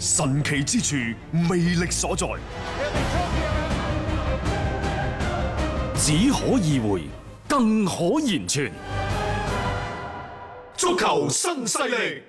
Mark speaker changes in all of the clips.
Speaker 1: 神奇之處，魅力所在，只可意會，更可言傳，足球新勢力。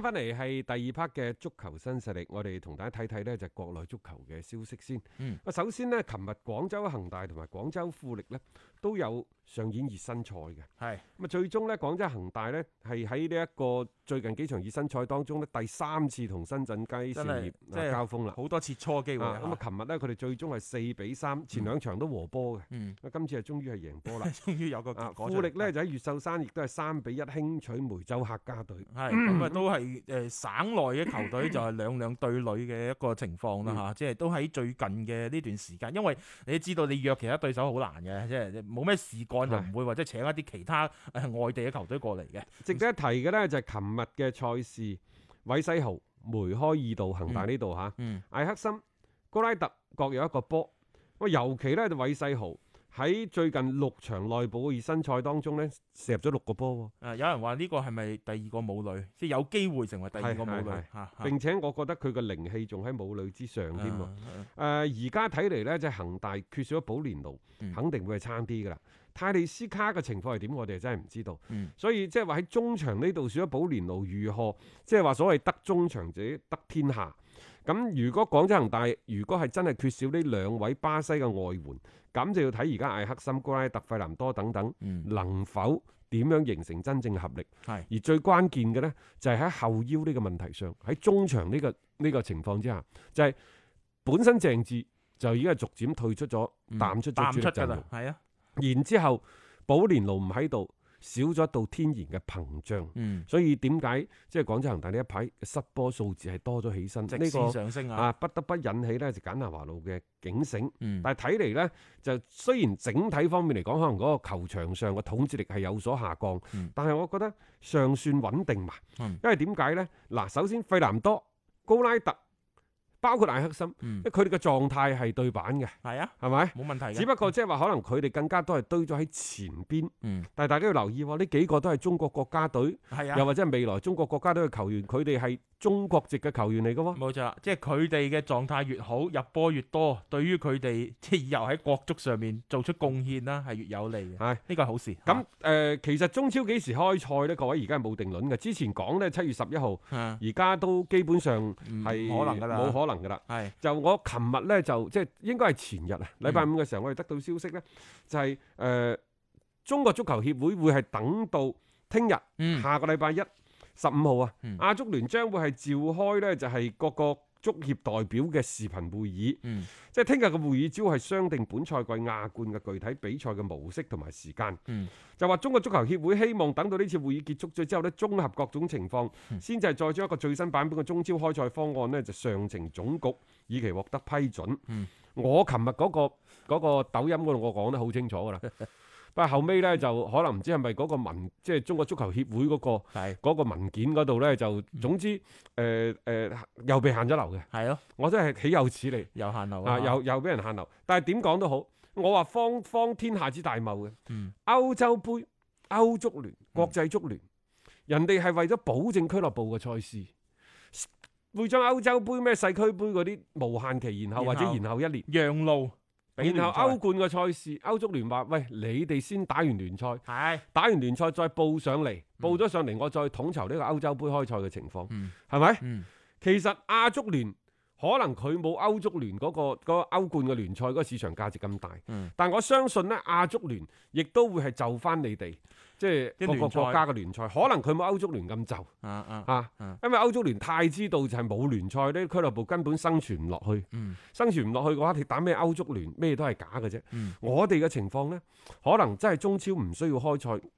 Speaker 2: 翻翻嚟係第二 part 嘅足球新勢力，我哋同大家睇睇呢就係、國內足球嘅消息先。嗯，首先呢，琴日廣州恒大同埋廣州富力呢都有上演熱身賽嘅。係咁啊，最終呢，廣州恒大呢係喺呢一個最近幾場熱身賽當中呢第三次同深圳佳兆業啊是交鋒啦，好多次切磋機會。咁啊，琴日呢，佢哋最終係四比三，前兩場都和波嘅。嗯，今次啊終於係贏波啦。終
Speaker 1: 於 有個富力
Speaker 2: 呢就喺越秀山亦都係三比一輕取
Speaker 1: 梅州客家隊。係咁啊，嗯、都係。誒省內嘅球隊就係兩兩對壘嘅一個情況啦嚇，嗯、即係都喺最近嘅呢段時間，因為你知道你約其他對手好難嘅，即係冇咩事幹就唔會唉 或者請一啲其他外地嘅球隊過嚟嘅。值得一提
Speaker 2: 嘅呢，就係琴日嘅賽
Speaker 1: 事，韋
Speaker 2: 世豪梅開二度，恒大呢度嚇，嗯嗯、艾克森、高拉特各有一個波。咁尤其呢，就韋世豪。喺最近六場內部熱身賽當中咧，射入咗六個波喎、
Speaker 1: 呃。有人話呢個係咪第二個舞女，即係有機會成為第二個舞女。嚇！啊、並且我覺得佢嘅靈氣
Speaker 2: 仲喺舞女之上添。誒、啊，而家睇嚟咧，即係恒大缺少咗保連奴，嗯、肯定會係差啲㗎啦。泰利斯卡嘅情況係點？我哋真係唔知道。嗯、所以即係話喺中場呢度少咗保連奴，如何？即係話所謂得中場者得天下。咁如果廣州恒大如果係真係缺少呢兩位巴西嘅外援，咁就要睇而家艾克森、高拉特、費南多等等，嗯、能否點樣形成真正合力？係、嗯、而最關鍵嘅咧，就係、是、喺後腰呢個問題上，喺中場呢、這個呢、這個情況之下，就係、是、本身鄭智就已經係逐漸退出咗，淡出咗主力陣容，啊，然之後保連奴唔喺度。少咗一道天然嘅膨脹，嗯、所以點解即係廣州恒大呢一排失波數字係多咗起身？呢個上升啊，啊不得不引起咧就是、簡南華路嘅警醒。嗯、但係睇嚟咧，就雖然整體方面嚟講，可能嗰個球場上嘅統治力係有所下降，嗯、但係我覺得尚算穩定嘛。嗯、因為點解咧？嗱，首先費南多、高拉特。包括艾克森，佢哋嘅狀態係對版嘅，係啊，係咪冇問題？只不過即係話可能佢哋更加多係堆咗喺前邊，嗯、但係大家要留意喎，呢幾個都係中國國家隊，
Speaker 1: 係啊，又或者係未來中國國家隊嘅球員，佢哋係中國籍嘅球員嚟嘅喎，冇錯，即係佢哋嘅狀態越好，入波越多，對於佢哋即係以後喺國足上面做出貢獻啦，係越有利嘅，係呢、啊、個好事。咁誒、啊呃，其實中超幾時開賽呢？各位而家
Speaker 2: 係冇定論嘅，之前講咧七月十一號，而家、啊、都基本上係、嗯、可能㗎啦，冇可。可能噶啦，係就我琴日咧就即係應該係前日啊，禮拜五嘅時候我哋得到消息咧，就係誒中國足球協會會係等到聽日，下個禮拜一十五號啊，亞足聯將會係召開咧就係各個。足協代表嘅視頻會議，嗯、即係聽日嘅會議，主要係商定本賽季亞冠嘅具體比賽嘅模式同埋時間。嗯、就話中國足球協會希望等到呢次會議結束咗之後呢，綜合各種情況，嗯、先至再將一個最新版本嘅中超開賽方案呢就上呈總局，以期獲得批准。嗯、我琴日嗰個嗰個抖音嗰度，我講得好清楚噶啦。 不過後尾咧就可能唔知係咪嗰個文，即係中國足球協會嗰個嗰文件嗰度咧就總之誒誒又被限咗流嘅。係咯，我真係豈有此理，又限流啊！又又俾人限流，但係點講都好，我話方方天下之大謬嘅。嗯。歐洲杯、歐足聯、國際足聯，人哋係為咗保證俱樂部嘅賽事，會將歐洲杯咩世俱杯嗰啲無限期延後或者延後一年。讓路。然後歐冠嘅賽事，歐足聯話：喂，你哋先打完聯賽，的打完聯賽再報上嚟，嗯、報咗上嚟我再統籌呢個歐洲杯開賽嘅情況，係咪？其實亞足聯可能佢冇歐足聯嗰個嗰個歐冠嘅聯賽嗰個市場價值咁大，嗯、但我相信呢亞足聯亦都會係就返你哋。即係各個國家嘅聯賽，可能佢冇歐足聯咁就、啊，啊，啊，啊因為歐足聯太知道就係、是、冇聯賽咧，俱樂部根本生存唔落去，嗯、生存唔落去嘅話，你打咩歐足聯咩都係假嘅啫。嗯、我哋嘅情況咧，可能真係中超唔需要開賽，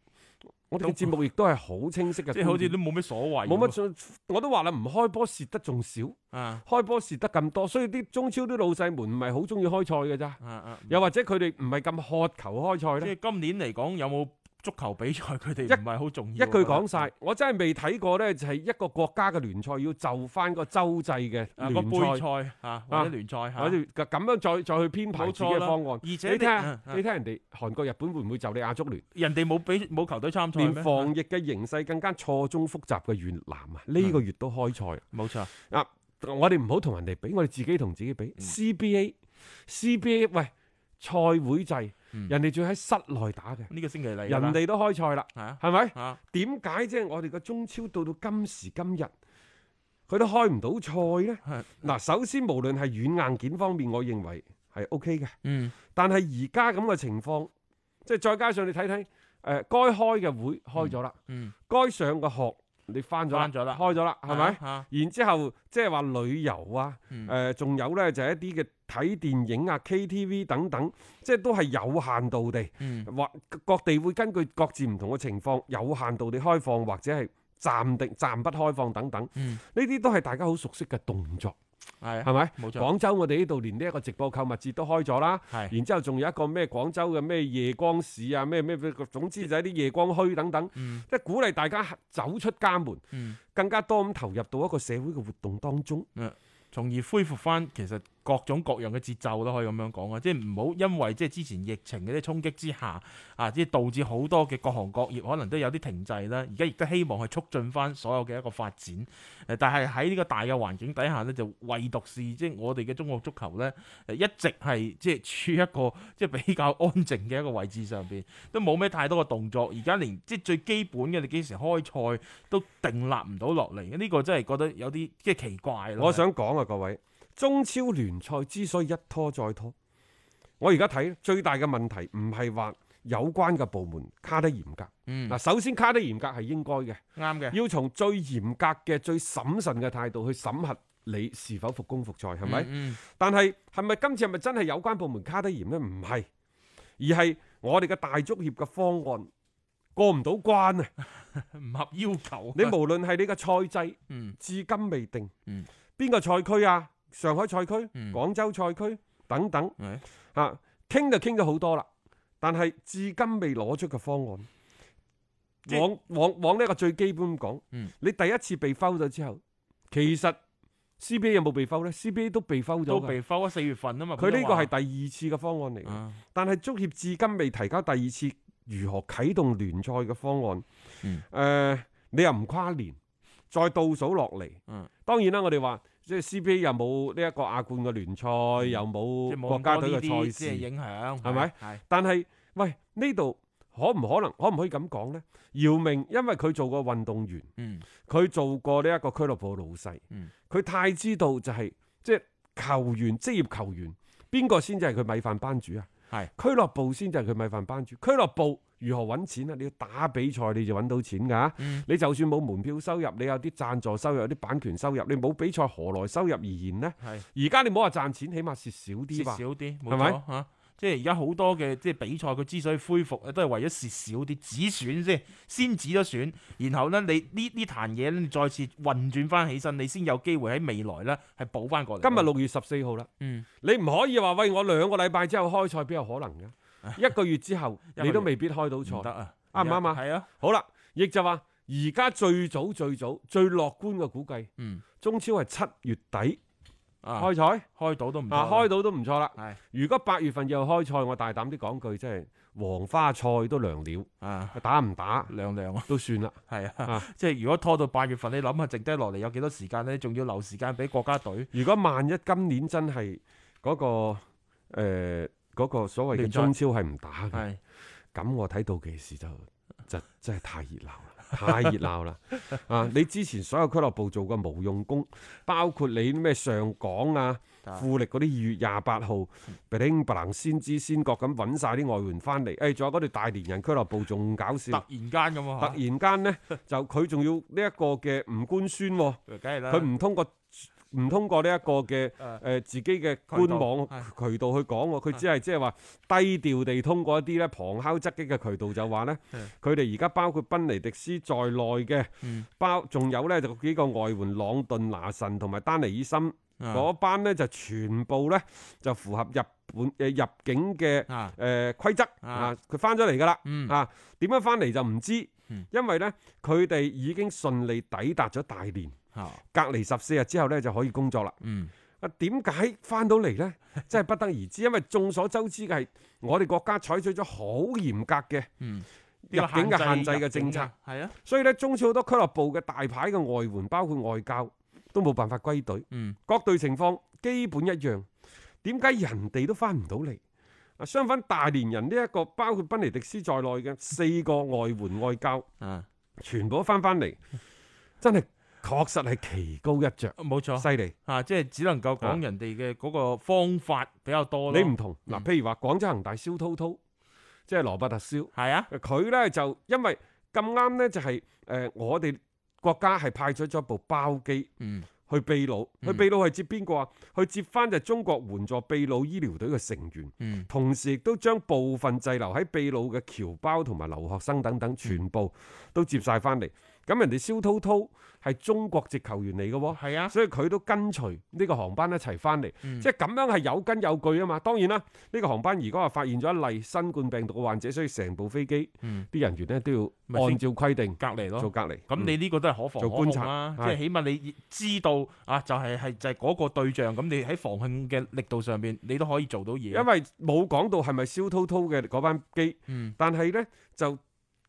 Speaker 2: 我哋嘅節目亦都係好清晰嘅。不即係好似都冇咩所謂，冇乜，我都話啦，唔開波蝕得仲少，啊、開波蝕得咁多，所以啲中超啲老細們唔係好中意開賽嘅咋。又、啊啊、或者佢哋唔係咁渴求開賽咧。即係今年嚟講有冇？足球比賽佢哋唔係好重要。一句講晒，我真係未睇過咧，就係一個國家嘅聯賽要就翻個洲際嘅杯賽嚇或
Speaker 1: 者聯賽，我
Speaker 2: 哋咁樣再再去編排自己嘅方案。而且你睇下，你睇下人哋韓國、日本會唔會就你亞足聯？
Speaker 1: 人哋冇俾冇球隊參賽，連防
Speaker 2: 疫嘅形勢更加錯綜複雜嘅越南啊，呢個月都開賽。冇錯啊！我哋唔好同人哋比，我哋自己同自己比。C B A C B A，喂，賽會制。人哋仲喺室內打嘅，呢個星期嚟，人哋都開賽啦，係咪、啊？點解即係我哋嘅中超到到今時今日，佢都開唔到賽呢？嗱、啊，首先無論係軟硬件方面，我認為係 O K 嘅。嗯，但係而家咁嘅情況，即係再加上你睇睇，誒、呃，該開嘅會開咗啦、嗯，嗯，該上嘅學你翻咗，翻咗了開咗啦，係咪？啊、然之後即係話旅遊啊，誒、呃，仲有呢，就係一啲嘅。嗯睇電影啊、KTV 等等，即係都係有限度地，或、嗯、各地會根據各自唔同嘅情況，有限度地開放，或者係暫定暫不開放等等。呢啲、嗯、都係大家好熟悉嘅動作，係咪、嗯？冇錯。廣州我哋呢度連呢一個直播購物節都開咗啦，嗯、然之後仲有一個咩廣州嘅咩夜光市啊，咩咩咩，總之就係啲夜光墟等等，嗯、即係鼓勵大家
Speaker 1: 走出家門，嗯、更加多咁投入到一個社會嘅活動當中，嗯、從而恢復翻其實。各種各樣嘅節奏都可以咁樣講啊！即係唔好因為即係之前疫情嘅啲衝擊之下啊，即係導致好多嘅各行各業可能都有啲停滯啦。而家亦都希望去促進翻所有嘅一個發展。誒，但係喺呢個大嘅環境底下呢，就唯獨是即係我哋嘅中國足球呢，一直係即係處一個即係比較安靜嘅一個位置上邊，都冇咩太多嘅動作。而家連即係最基本嘅你幾時開賽都定立唔到落嚟，呢個真係覺得有啲即係奇怪咯。我想
Speaker 2: 講啊，各位。中超聯賽之所以一拖再拖，我而家睇最大嘅問題唔係話有關嘅部門卡得嚴格。嗱，首先卡得嚴格係應該嘅，啱嘅。要從最嚴格嘅、最審慎嘅態度去審核你是否復工復賽，係咪？但係係咪今次係咪真係有關部門卡得嚴呢？唔係，而係我哋嘅大足協嘅方案過唔到關啊，唔合要求。你無論係你嘅賽制，至今未定，邊個賽區啊？上海賽區、廣州賽區等等，吓傾、嗯、就傾咗好多啦，但係至今未攞出個方案。往、嗯、往往呢個最基本咁講，你第一次被否咗之後，其實 CBA 有冇被否呢？CBA 都被否咗，都被
Speaker 1: 否咗，四月份啊嘛，佢呢個係
Speaker 2: 第二次嘅方案嚟，啊、但係足協至今未提交第二次如何啟動聯賽嘅方案。誒、嗯呃，你又唔跨年，再倒數落嚟，當然啦，我哋話。即係 CBA 又冇呢一個亞冠嘅聯賽，嗯，又冇國家隊嘅賽事影響，係咪？係。但係喂，呢度可唔可能，可唔可以咁講咧？姚明因為佢做過運動員，嗯，佢做過呢一個俱樂部老細，嗯，佢太知道就係即係球員，職業球員，邊個先至係佢米飯班主啊？係是俱樂部先至係佢米飯班主，俱樂部。如何揾錢啊？你要打比賽，你就揾到錢㗎，啊。嗯、你就算冇門票收入，你有啲贊助收入，有啲版權收入，你冇比賽何來收入而言呢？
Speaker 1: 而家是你唔好話賺錢，起碼蝕少啲。蝕少啲，係咪吧、啊？即係而家好多嘅即係比賽，佢之所以恢復都係為咗蝕少啲，止損先，先止咗損，然後呢，你呢呢壇嘢再次運轉翻起身，你先有機會喺未來呢係補翻過嚟。今日六月十四號啦，嗯、你唔可以話喂，我兩個禮拜之後開賽，邊有可能㗎？一
Speaker 2: 個月之後，你都未必開到賽，得啊？啱唔啱啊？係啊！好啦，亦就話而家最早最早最樂觀嘅估計，
Speaker 1: 嗯，
Speaker 2: 中超係七月底開
Speaker 1: 賽，開到都唔，開
Speaker 2: 到都唔錯啦。係如果八月份又開賽，我大膽啲講句，即係
Speaker 1: 黃花菜都涼了啊！打唔打涼涼都算啦。係啊，即係如果拖到八月份，你諗下剩低落嚟有幾多時間咧？仲要留時間俾國家隊？如果萬一
Speaker 2: 今年真係嗰個誒？嗰個所謂嘅中超係唔打嘅，咁的我睇到幾時就就真係太熱鬧啦，太熱鬧啦！ 啊，你之前所有俱樂部做過無用功，包括你咩上港啊、富力嗰啲二月廿八號，bling bling 先知先覺咁揾晒啲外援翻嚟，誒、哎、仲有嗰條大連人俱樂部仲搞笑， 突然間咁 啊！突然間咧就佢仲要呢一個嘅唔官宣，佢唔通過。唔通過呢一個嘅誒自己嘅官網渠道去講喎，佢只係即係話低調地通過一啲咧旁敲側擊嘅渠道就話咧，佢哋而家包括賓尼迪斯在內嘅，包仲有咧就幾個外援朗頓、拿神同埋丹尼爾森嗰班咧就全部咧就符合日本嘅入境嘅誒、呃、規則啊，佢翻咗嚟㗎啦啊，點樣翻嚟就唔知，因為咧佢哋已經順利抵達咗大連。隔離十四日之後呢，就可以工作啦。嗯，啊，點解翻到嚟呢？真係不得而知，因為眾所周知嘅係我哋國家採取咗好嚴格嘅入境嘅限制嘅政策。嗯，係啊，所以呢，中超好多俱樂部嘅大牌嘅外援，包括外教，都冇辦法歸隊。嗯，各隊情況基本一樣。點解人哋都翻唔到嚟？啊，相反大連人呢，這一個包括賓尼迪斯在內嘅四個外援外教，啊，全部都翻翻嚟，真係。確實係奇高一
Speaker 1: 著，冇錯錯，犀利害啊！即係只能夠講說人哋嘅嗰個方法比較多你唔同嗱，譬、嗯、如話廣州恒大蕭滔滔，
Speaker 2: 即係羅伯特蕭，係啊、嗯，佢咧就因為咁啱咧就係、是、誒、呃，我哋國家係派出咗一部包機去秘魯，嗯嗯、去秘魯係接邊個啊？去接翻就中國援助秘魯醫療隊嘅成員，嗯、同時亦都將部分滯留喺秘魯嘅僑胞同埋留學生等等，全部都接晒翻嚟。咁人哋肖濤濤係中國籍球員嚟嘅喎，係啊，所以佢都跟隨呢個航班一齊翻嚟，嗯、即係咁樣係有根有據啊嘛。當然啦，呢、這個航班如果話發現咗一例新冠病毒嘅患者，所以成部飛機啲人員咧都要按照規定隔離咯，做隔離。咁、嗯嗯、你呢個都係可防可、啊、做可察啦，嗯、即係起
Speaker 1: 碼你知道啊，就係、是、係就係、是、嗰個對象，咁是你喺防控嘅力度上邊，你都可以做到嘢。
Speaker 2: 因為冇講到
Speaker 1: 係咪肖濤濤嘅嗰班
Speaker 2: 機，嗯、但係咧就。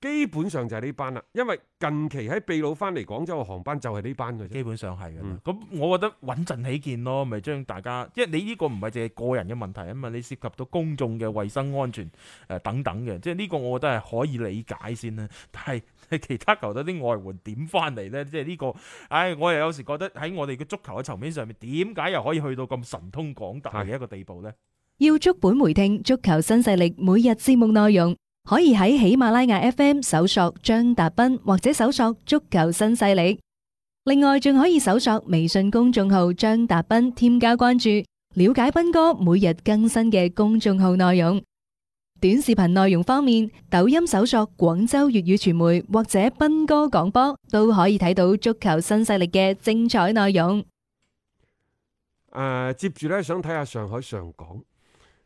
Speaker 2: 基本上就係呢班啦，因為近期喺秘魯
Speaker 1: 翻嚟廣州嘅航班就係呢班嘅，基本上係嘅。咁、嗯、我覺得穩陣起見咯，咪將大家，即係你呢個唔係淨係個人嘅問題啊嘛，你涉及到公眾嘅衛生安全誒等等嘅，即係呢個我覺得係可以理解先啦。但係其他球隊啲外援點翻嚟呢？即係、這、呢個，唉、哎，我又有時覺得喺我哋嘅足球嘅層面上面，點解又可以去到咁神通廣大嘅一個地步呢？是的
Speaker 2: 要足本回聽足球新勢力每日節目內容。可以喺喜馬拉雅 FM 搜索張達斌，或者搜索足球新勢力。另外，仲可以搜索微信公眾號張達斌，添加關注，了解斌哥每日更新嘅公眾號內容。短視頻內容方面，抖音搜索廣州粵語傳媒或者斌哥廣播，都可以睇到足球新勢力嘅精彩內容。誒，接住咧，想睇下上海上港。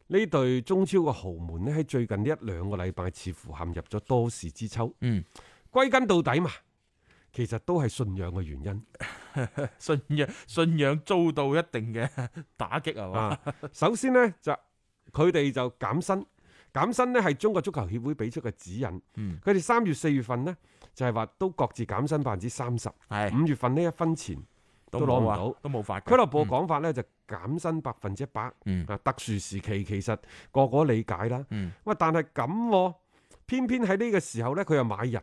Speaker 2: 呢隊中超嘅豪門呢，喺最近呢一兩個禮拜，似乎陷入咗多事之秋。嗯，歸根到底嘛，其實都係信仰嘅原因。 信仰信仰遭到一定嘅
Speaker 1: 打擊係嘛？
Speaker 2: 首先呢，就佢哋就減薪，減薪呢係中國足球協會俾出嘅指引。佢哋三月四月份呢，就係話都各自減薪百分之三十。五是月份呢一分錢都攞唔到，都冇發。俱樂部講法咧就。減薪百分之一百，啊，嗯、特殊時期其實個個理解啦。喂，但係咁、啊，偏偏喺呢個時候咧，佢又買人，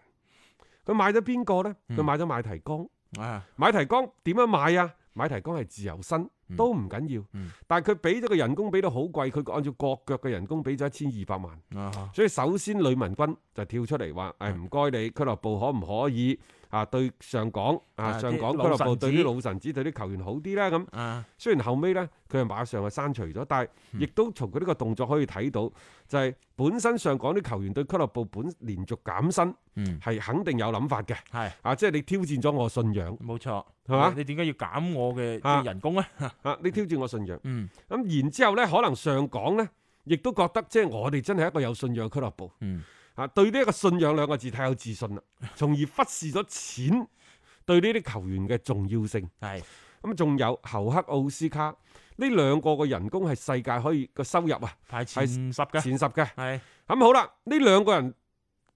Speaker 2: 佢買咗邊個咧？佢、嗯、買咗麥提江，麥、哎、呀 提江點樣買啊？麥提江係自由身，都唔緊要，嗯、但係佢俾咗個人工俾到好貴，佢按照國腳嘅人工俾咗一千二百萬，哎、呀 所以首先呂文君就跳出嚟話：，誒、哎，唔該你俱樂部可唔可以？啊，對上港啊，上港俱樂部對啲老臣子、啊、對啲球員好啲啦，咁。啊，雖然後尾呢，佢係馬上啊刪除咗，但係亦都從佢呢個動作可以睇到，嗯、就係本身上港啲球員對俱樂部本連續減薪，嗯，係肯定有諗法嘅。係、嗯、啊，即、就、係、是、你挑戰咗我信仰。冇錯，係嘛吧？你點解要減我嘅人工呢？啊，你挑戰我信仰。嗯。咁、嗯、然之後呢，可能上港呢，亦都覺得即係我哋真係一個有信仰嘅俱樂部。嗯。啊！對呢一個信仰兩個字太有自信啦，從而忽視咗錢對呢啲球員嘅重要性。係咁，仲有侯克奧斯卡呢兩個嘅人工係世界可以個收入啊，係前十嘅，前十嘅。係咁好啦，呢兩個人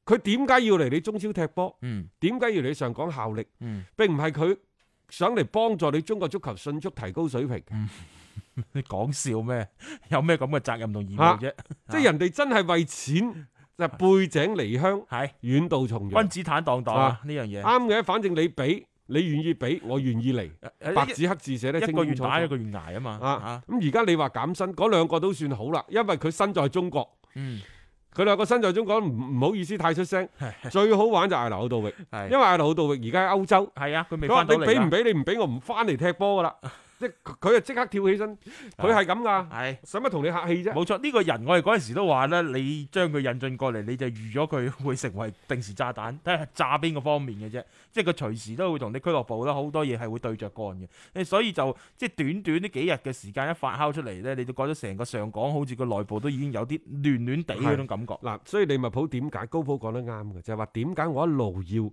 Speaker 2: 佢點解要嚟你中超踢波？嗯，點解要嚟上港效力？嗯，並唔係佢想嚟幫助你中國足球迅速提高水平。
Speaker 1: 你講笑咩？有咩咁嘅責任同義務啫？即係
Speaker 2: 人哋真係為錢。就背井離鄉，係遠道重洋，君子坦蕩蕩啊！呢樣嘢啱嘅，反正你俾，你願意俾，我願意嚟。白紙黑字寫得清楚，一個願打一個願挨啊嘛！啊咁而家你話減薪，嗰兩個都算好啦，因為佢身在中國。嗯。佢兩個身在中國，唔唔好意思太出聲。最好玩就係劉道域，因為阿劉道域而家喺歐洲。係啊，佢未翻到嚟，你俾唔俾？你唔俾我唔翻嚟踢波噶啦！即佢啊，即刻跳起身，佢係
Speaker 1: 咁噶，係使乜同你客氣啫？冇錯，呢個人我哋嗰陣時都話咧，你將佢引進過嚟，你就預咗佢會成為定時炸彈，睇下炸邊個方面嘅啫。即係佢隨時都會同啲俱樂部啦，好多嘢係會對著幹嘅。所以就即係短短呢幾日嘅時間一發酵出嚟咧，你都覺得成個上港好似個內部都已經有啲亂亂地嗰種感覺。嗱，所以利物浦點解高普講得啱嘅就係話點解我一路要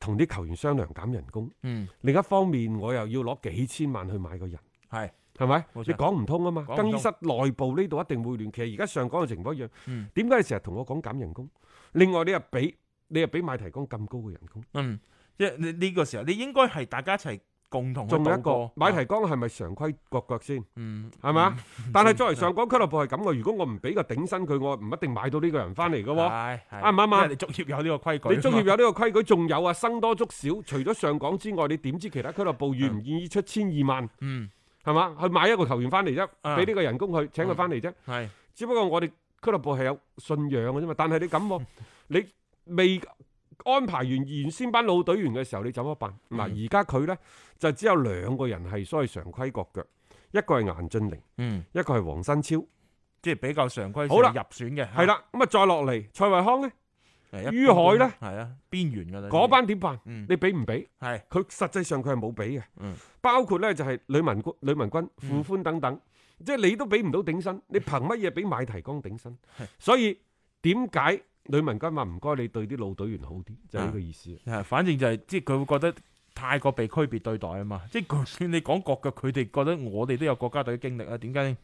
Speaker 1: 同啲球員商量
Speaker 2: 減人工，嗯、另一方面我又要攞幾千萬去買個人，係係咪？冇錯你講唔通啊嘛？更衣室內部呢度一定會亂。其實而家上港嘅情況一樣，點解、嗯、你成日同我講減人工？另外你又俾你又俾買提供咁高嘅人工，嗯、即係你呢個時候，你應該係大家一齊。共同仲有一個，買提江係咪常規角角先？嗯，係咪啊？但係作為上港俱樂部係咁嘅，如果我唔俾個頂薪佢，我唔一定買到呢個人翻嚟嘅喎。係係，啊唔啱啊！你
Speaker 1: 足協有呢個規矩，你足協有
Speaker 2: 呢個規矩，仲有啊，僧多粥少。除咗上港之外，你點知其他俱樂部願唔願意出千二萬？嗯，係嘛？去買一個球員翻嚟啫，俾呢個人工去請佢翻嚟啫。係，只不過我哋俱樂部係有信仰嘅啫嘛。但係你咁喎，你未。安排完原先班老隊員嘅時候，你怎麼辦？嗱，而家佢咧就只有兩個人係所謂常規國腳，一個係顏駿凌，一個係黃新超，即係比較常規。好啦，入選嘅係啦，咁啊再落嚟，蔡慧康咧，于海咧，係啊邊緣嘅？嗰班點辦？你俾唔俾？係佢實際上佢係冇俾嘅，包括咧就係呂文君、呂文君、傅歡等等，即係你都俾唔到頂薪，你憑乜嘢俾買提江頂薪？所以點
Speaker 1: 解？女民今日唔該，你對啲老隊員好啲，就係呢個意思。反正就係、係，即係佢會覺得太過被區別對待啊嘛！即係，就算你講國腳，佢哋覺得我哋都有國家隊嘅經歷啦，點解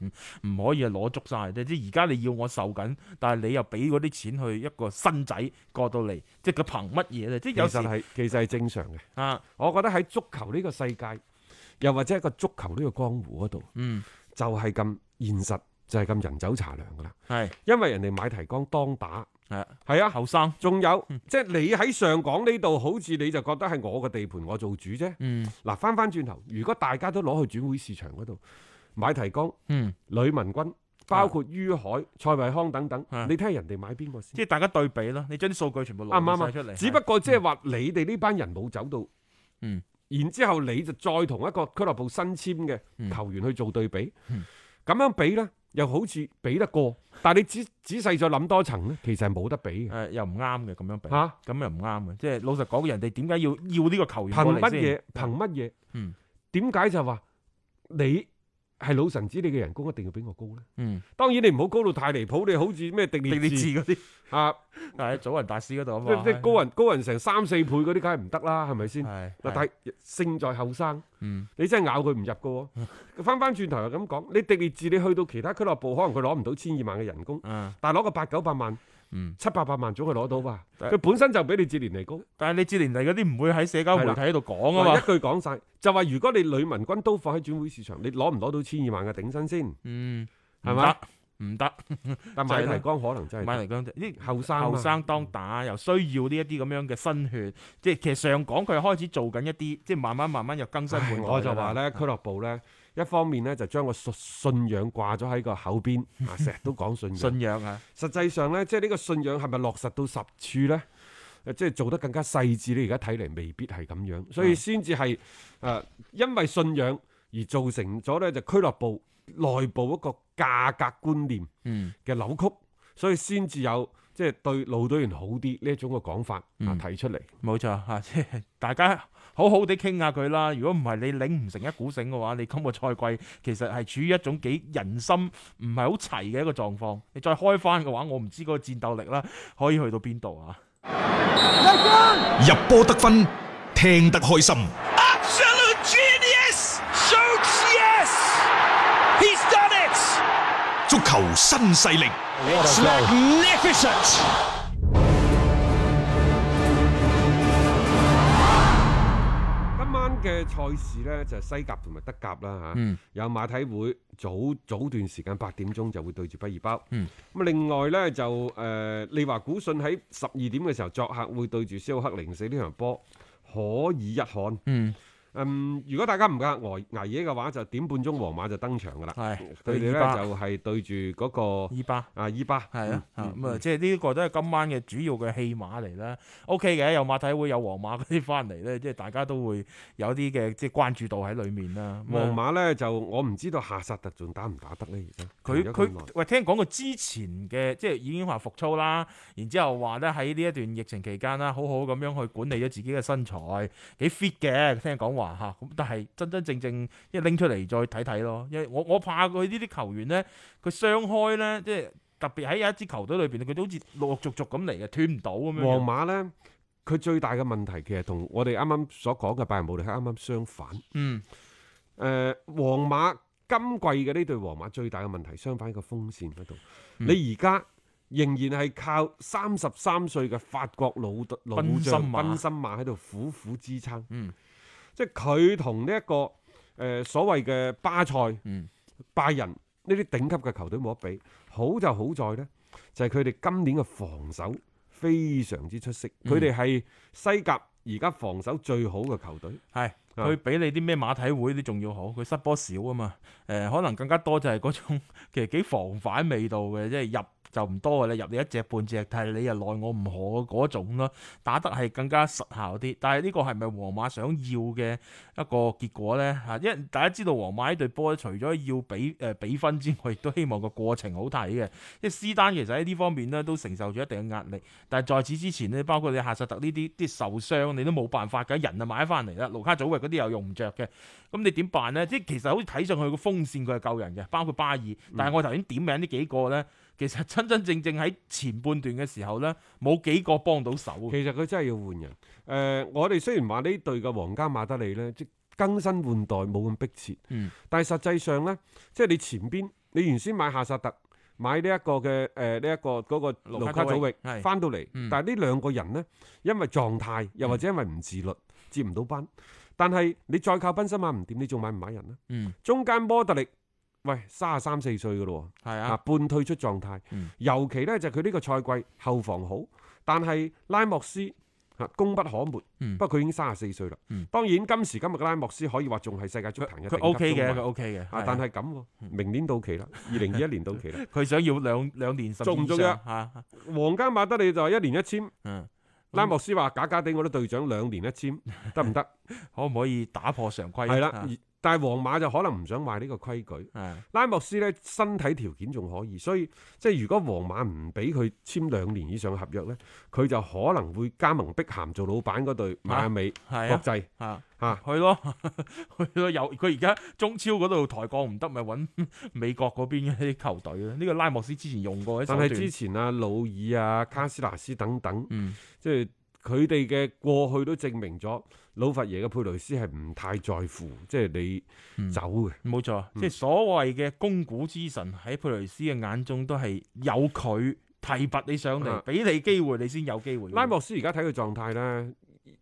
Speaker 1: 唔可以啊攞足曬？即係而家你要我受緊，但係你又俾嗰啲錢去一個新仔過到嚟，即係佢憑乜嘢咧？即係有時係其實係正常嘅。啊，
Speaker 2: 我覺得喺足球呢個世界，又或者喺個足球呢個江湖嗰度，嗯，就係咁現實。就係咁人走茶涼噶啦，係因為人哋買提江當打，係啊，係後生，仲有即係你喺上港呢度，好似你就覺得係我嘅地盤，我做主啫。嗯，嗱，翻翻轉頭，如果大家都攞去轉會市場嗰度買提江，嗯，呂文君，包括于海、蔡惠康等等，你睇下人哋買邊個先？即係大家對比咯，你將啲數據全部攞出嚟，只不過即係話你哋呢班人冇走到，嗯，然之後你就再同一個俱樂部新簽嘅球員去做對比，
Speaker 1: 咁樣比咧。又好似比得過，但係你仔仔細再諗多層咧，其實係冇得比嘅。誒、哎，又唔啱嘅咁樣比嚇，咁、啊、又唔啱嘅。即係老實講，人哋點解要要呢個球員？憑乜嘢？憑乜嘢？嗯，點解就係話你？係老臣
Speaker 2: 子，你嘅人工一定要比我高咧。嗯，當然你唔好高到太離譜，你好似咩迪列治嗰啲
Speaker 1: 啊，係祖雲大師嗰
Speaker 2: 度啊嘛，即係高人 高人成三四倍嗰啲，梗係唔得啦，係咪先？係嗱，但係勝在後生，嗯，你真係咬佢唔入噶，啊。翻翻轉頭又咁講，你迪列治，你去到其他俱樂部，可能佢攞唔到千二萬嘅人工， 但係攞個八九百萬。嗯，七八百萬總會攞到吧？佢本身就比李志連嚟高，但係李志連嚟嗰啲唔會喺社交媒體喺度講啊嘛，一句講晒就話，如果你呂文君都放喺轉會市場，你攞唔攞到千二萬嘅頂
Speaker 1: 薪先？嗯，係咪？唔得，但係買提江可能真係買提江啲後生，後生當打，又需要呢一啲咁樣嘅新血，即係其實上港佢開始做緊一啲，即係慢慢慢慢又更新換代。我就話咧，俱樂部咧。一方面咧就將個信
Speaker 2: 信仰掛咗喺個口邊，啊成日都講信仰。 信仰啊，實際上咧，即係呢個信仰係咪落實到實處咧？即係做得更加細緻。你而家睇嚟未必係咁樣，所以先至係誒，因為信仰而造成咗咧就俱樂部內部一個價格觀念嘅扭曲，嗯、所以先至有即係
Speaker 1: 對老隊員好啲呢一種嘅講法啊、嗯、提出嚟。冇沒錯啊，即 係大家。好好地傾下佢啦。如果唔係你擰唔成一股繩嘅話，你今個賽季其實係處於一種幾人心唔係好齊嘅一個狀況。你再開翻嘅話，我唔知個戰鬥力啦，可以去到邊度啊？入波得分，聽得開心。
Speaker 2: Church, yes! He's done it!
Speaker 1: 足球新勢力。
Speaker 2: 嘅賽事呢，就係、是、西甲同埋德甲啦吓，啊嗯、有馬體會早早段時間八點鐘就會對住畢爾包，咁、嗯、另外呢，就誒、呃，利華古遜喺十二點嘅時候作客會對住肖克零四，呢場波可以一看。嗯嗯，如果大家唔嘅捱挨夜嘅話，就點半鐘皇馬就登場嘅啦。係是，佢哋咧就係對住嗰個
Speaker 1: 伊巴啊伊巴。係、那個、巴啊，咁啊，即係呢個都係今晚嘅主要嘅戲碼嚟啦。嗯、OK 嘅，有馬體會有皇馬嗰啲翻嚟咧，即係大家都會有啲嘅即係關注度喺裏面啦。皇馬咧、嗯、就我唔知道夏薩特仲打唔打得咧？而家佢佢喂聽講過之前嘅即係已經話復操啦，然後之後話咧喺呢一段疫情期間啦，好好咁樣去管理咗自己嘅身材，幾 fit 嘅，聽講話。啊咁但係真真正正，即係拎出嚟再睇睇咯。因為我我怕佢呢啲球員咧，佢傷開咧，即係特別喺有一支球隊裏邊，佢都好似陸陸續續咁嚟嘅，斷唔到咁樣。皇馬咧，佢最大嘅問
Speaker 2: 題其實同我哋啱啱所講嘅拜仁慕尼黑啱啱相反。嗯。誒、呃，皇馬今季嘅呢對皇馬最大嘅問題，相反喺個鋒線嗰度。嗯、你而家仍然係靠三十三歲嘅法國老老將、老將、賓施馬喺度苦苦支撐。嗯。即係佢同呢一個誒、呃、所謂嘅巴塞、嗯、拜仁呢啲頂級嘅球隊冇得比，好就好在咧，就係佢哋今年嘅防
Speaker 1: 守非常之出色，佢哋係西甲而家防守最好嘅球隊。係、嗯，佢比吧你啲咩馬體會啲仲要好，佢失波少啊嘛。誒、呃，可能更加多就係嗰種其實幾防反味道嘅，即、就、係、是、入。就唔多嘅，你入你一隻半隻，但係你又奈我唔何嗰種咯，打得係更加實效啲。但係呢個係咪皇馬想要嘅一個結果咧？嚇，因為大家知道皇馬呢隊波，除咗要比誒、呃、比分之外，亦都希望個過程好睇嘅。即斯丹其實喺呢方面咧，都承受住一定嘅壓力。但係在此之前咧，包括你夏薩特呢啲啲受傷，你都冇辦法嘅，人就買翻嚟啦。盧卡祖域嗰啲又用唔着嘅，咁你點辦咧？即係其實好似睇上去個風扇佢係救人嘅，包括巴爾。但係我頭先點名呢幾個咧。其實真真正正喺前半段嘅時候咧，冇幾個幫到手。其實佢真係要換人。誒、呃，我哋雖然話呢隊嘅
Speaker 2: 皇家馬德里咧，即更新換代冇咁迫切。嗯。但係實際上咧，即係你前邊你原先買夏薩特，買呢一個嘅誒呢一個嗰、那個盧卡祖域，翻到嚟。嗯、但係呢兩個人咧，因為狀態，又或者因為唔自律，嗯、接唔到班。但係你再靠賓斯馬唔掂，你仲買唔買人啊？嗯。中間摩特力。喂，三十三四歲噶咯喎，係啊，半退出狀態，尤其咧就佢呢個賽季後防好，但係拉莫斯啊功不可沒，不過佢已經三十四歲啦。當然今時今日嘅拉莫斯可以話仲係世界足壇一，佢 OK 嘅，佢 OK 嘅，啊，但係咁，明年到期啦，二零二一年到期啦，佢想要兩兩年十，中唔中約？皇家馬德里就係一年一簽，
Speaker 1: 拉莫
Speaker 2: 斯話假假哋，我啲隊長兩年一簽得唔得？可唔可以打破常規？係啦。但係皇馬就可能唔想壞呢個規矩。啊、拉莫斯咧身體條件仲可以，所以即係如果皇馬唔俾佢簽兩年以上合約咧，佢就可能會加盟碧咸做老闆嗰隊馬亞美國際。吓
Speaker 1: 吓，去咯去咯，有佢而家中超嗰度抬降唔得，咪揾美國嗰邊啲球隊咯。呢個拉莫斯之前用過，但係之
Speaker 2: 前啊，魯爾啊、卡斯拿斯等等，即係佢哋嘅過去都證明咗。老佛爺嘅
Speaker 1: 佩雷斯係唔太在乎，即、就、係、是、你走嘅。冇、嗯、錯，嗯、即係所謂嘅公鼓之神喺佩雷斯嘅眼中都係有佢提拔你上嚟，俾、啊、你機會，你先有機會、啊。拉莫斯而家睇佢狀態咧，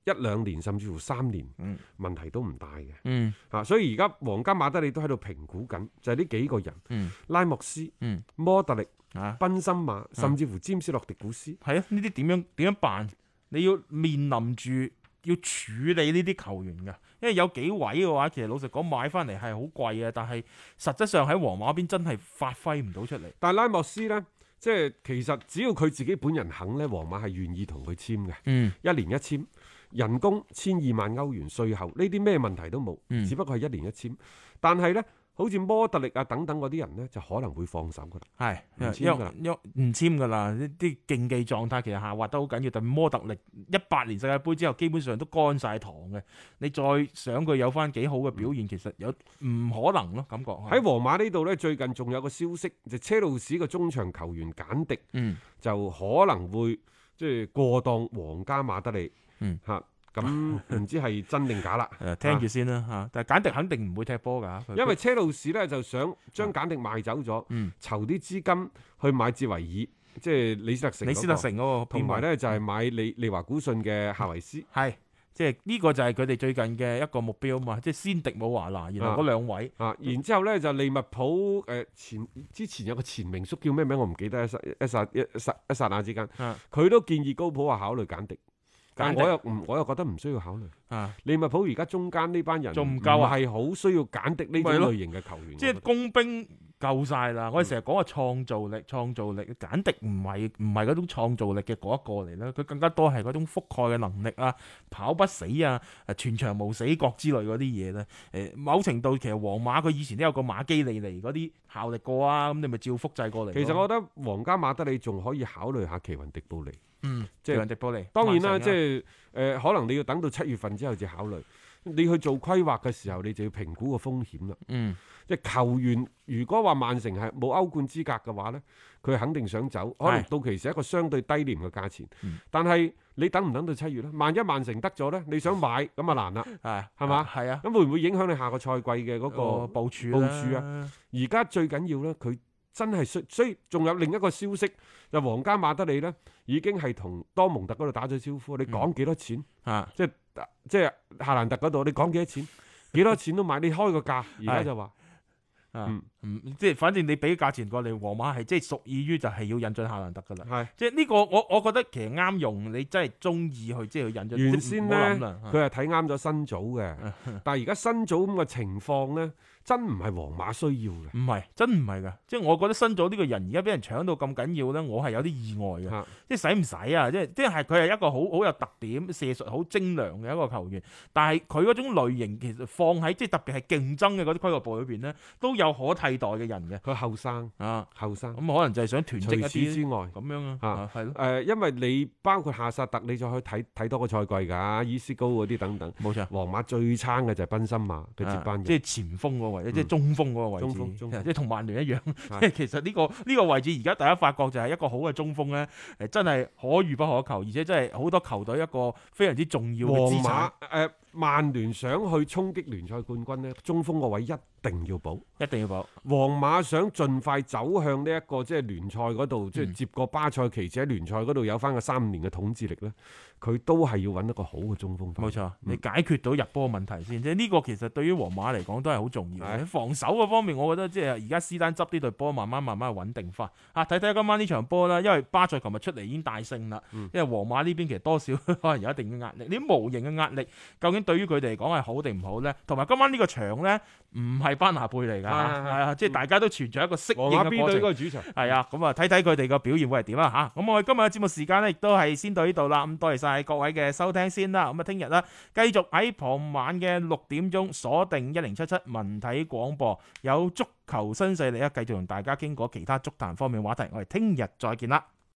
Speaker 1: 一兩年甚至乎三年、
Speaker 2: 嗯、問題都唔大嘅。嚇、嗯嗯啊，所以而家皇家馬德里都喺度評估緊，就係、是、呢幾個
Speaker 1: 人。嗯嗯啊、拉莫斯、摩特力、賓森馬，甚至乎詹姆斯洛迪古斯。係啊，呢啲點樣點樣辦？你要面臨住。要處理呢啲球員嘅，因為有幾位嘅話，其實老實講買翻嚟係好貴嘅，但係實質上喺皇馬邊真係發揮唔到出嚟。但係拉莫斯呢，即係其實只要佢自己本人
Speaker 2: 肯呢，皇馬係願意同佢簽嘅，嗯、一年一簽，人工千二萬歐元稅後，呢啲咩問題都冇，只不過係一年一簽，但係呢。好似摩特力啊等等嗰
Speaker 1: 啲人咧，就可能會放手噶啦，係唔是簽噶啦，唔簽噶啦呢啲競技狀態其實下滑得好緊要。但摩特力一八年世界杯之後，基本上都乾晒糖嘅。你再想佢有返幾好嘅表現，嗯、其實有唔可能咯，感覺喺皇馬呢度咧，
Speaker 2: 最近仲有個消息，就是、車路士嘅中場球員簡迪，嗯，就可能會即係過檔皇家馬德里，嗯，嚇。咁唔、 嗯、知係真定
Speaker 1: 假啦， 聽住先啦吓。啊、但係簡迪肯定唔會踢波噶，因為
Speaker 2: 車路士咧、嗯、就想將簡迪賣走咗，籌啲資金去買智維爾，即、就、係、是、李斯特城、那個。李斯特城噶喎，同埋咧就係、是、買利利華古信嘅夏維斯，係即係呢個就係佢哋最近
Speaker 1: 嘅一個目標啊嘛，即、就、係、
Speaker 2: 是、先迪冇話啦，然後嗰兩位，啊啊、然之後咧、嗯、就利物浦誒、呃、前之前有個前名宿叫咩名我唔記得一剎一剎一剎,一剎,一,剎,一,剎,一,剎一剎那之間，佢、啊啊、都建議高普話考慮簡迪。但我又唔，我又覺得唔需要考慮。啊、利物浦而
Speaker 1: 家中間呢班人仲唔夠啊，係好需要簡迪呢種類型嘅球員。即係工兵。夠晒啦！我哋成日講話創造力，創造力簡直唔係唔係嗰種創造力嘅嗰一個嚟啦，佢更加多係嗰種覆蓋嘅能力啊，跑不死啊，全場無死角之類嗰啲嘢啦。誒、呃，某程度其實皇馬佢以前都有個馬基里尼嗰啲效力過啊，咁你咪照複製過嚟、啊。其實我覺得皇家馬德里仲可以考
Speaker 2: 慮下奇雲迪布尼。嗯，
Speaker 1: 即係、奇雲迪布尼當然啦，即
Speaker 2: 係誒，可能你要等到七月份之後至考慮。你去做規劃嘅時候，你就要評估個風險啦。嗯，即係球員，如果話曼城係冇歐冠資格嘅話咧，佢肯定想走，可能到期時一個相對低廉嘅價錢。嗯、但係你等唔等到七月咧？萬一曼城得咗咧，你想買，咁啊難啦。係係嘛？係啊吧。咁會唔會影響你下個賽季嘅嗰個部署部、嗯、署啊？而家、嗯、最緊要咧，佢真係需，所以仲有另一個消息，就皇、是、家馬德里咧已經係同多蒙特嗰度打咗招呼，你講幾多錢？嚇的，即係。即係夏蘭特嗰
Speaker 1: 度，你講幾多錢？幾多錢都買，你開個價。而家 就話，是嗯嗯，即係反正你俾價錢過嚟，皇馬係即係屬意於就係要引進夏蘭特噶啦。係是，即係呢個我我覺得其實啱用，你真係中意去即係去引進。原先冇諗佢係睇啱咗新祖嘅， 但係而家新祖咁嘅情況咧。真唔係皇馬需要嘅，唔係真唔係噶，即係我覺得新組呢個人而家俾人搶到咁緊要咧，我係有啲意外嘅，即係使唔使啊？即係即係佢係一個好好有特點、射術好精良嘅一個球員，但係佢嗰種類型其實放喺即係特別係競爭嘅嗰啲俱樂部裏邊咧，都有可替代嘅人嘅。佢後生啊，後生，咁可能就係想囤積一啲之外咁樣啊，係咯？因
Speaker 2: 為你包括夏薩特，你再去睇睇多個賽季㗎，伊斯高嗰啲等等，冇錯。皇馬最差嘅就係賓施馬，佢接班嘅，即係前鋒即係中鋒嗰個位置，即係同曼聯一樣，的即係
Speaker 1: 其實呢、這個呢、這個位置而家大家發覺就係一個好嘅中鋒咧，誒真係可遇不可求，而且真係好多球隊一個非常之重要嘅資產。誒、呃。曼聯
Speaker 2: 想去衝擊聯賽冠軍呢，中鋒個位一定要補，一定要補。皇馬想盡快走向呢、這、一個即係、就是、聯賽嗰度，即係、嗯、接過巴塞，期者喺聯賽嗰度有翻
Speaker 1: 個三五年嘅統治力呢，佢都係要揾一個好嘅中鋒。冇錯，嗯、你解決到入波問題先，即係呢個其實對於皇馬嚟講都係好重要。的防守個方面，我覺得即係而家斯丹執呢隊波，慢慢慢慢穩定翻。嚇、啊，睇睇今晚呢場波啦，因為巴塞琴日出嚟已經大勝啦，嗯、因為皇馬呢邊其實多少可能有一定嘅壓力，啲無形嘅壓力究竟？對於佢哋嚟講係好定唔好呢？同埋今晚呢個場呢，唔係班拿貝嚟噶吓，係啊，的的即係大家都存在一個適應嘅過程。係啊，咁啊睇睇佢哋個表現會係點啦吓。咁、嗯、我哋今日嘅節目時間呢，亦都係先到呢度啦。咁多謝晒各位嘅收聽先啦。咁啊，聽日啦，繼續喺傍晚嘅六點鐘鎖定一零七七文體廣播，有足球新勢力啊，繼續同大家傾過其他足壇方面話題。我哋聽日再見啦。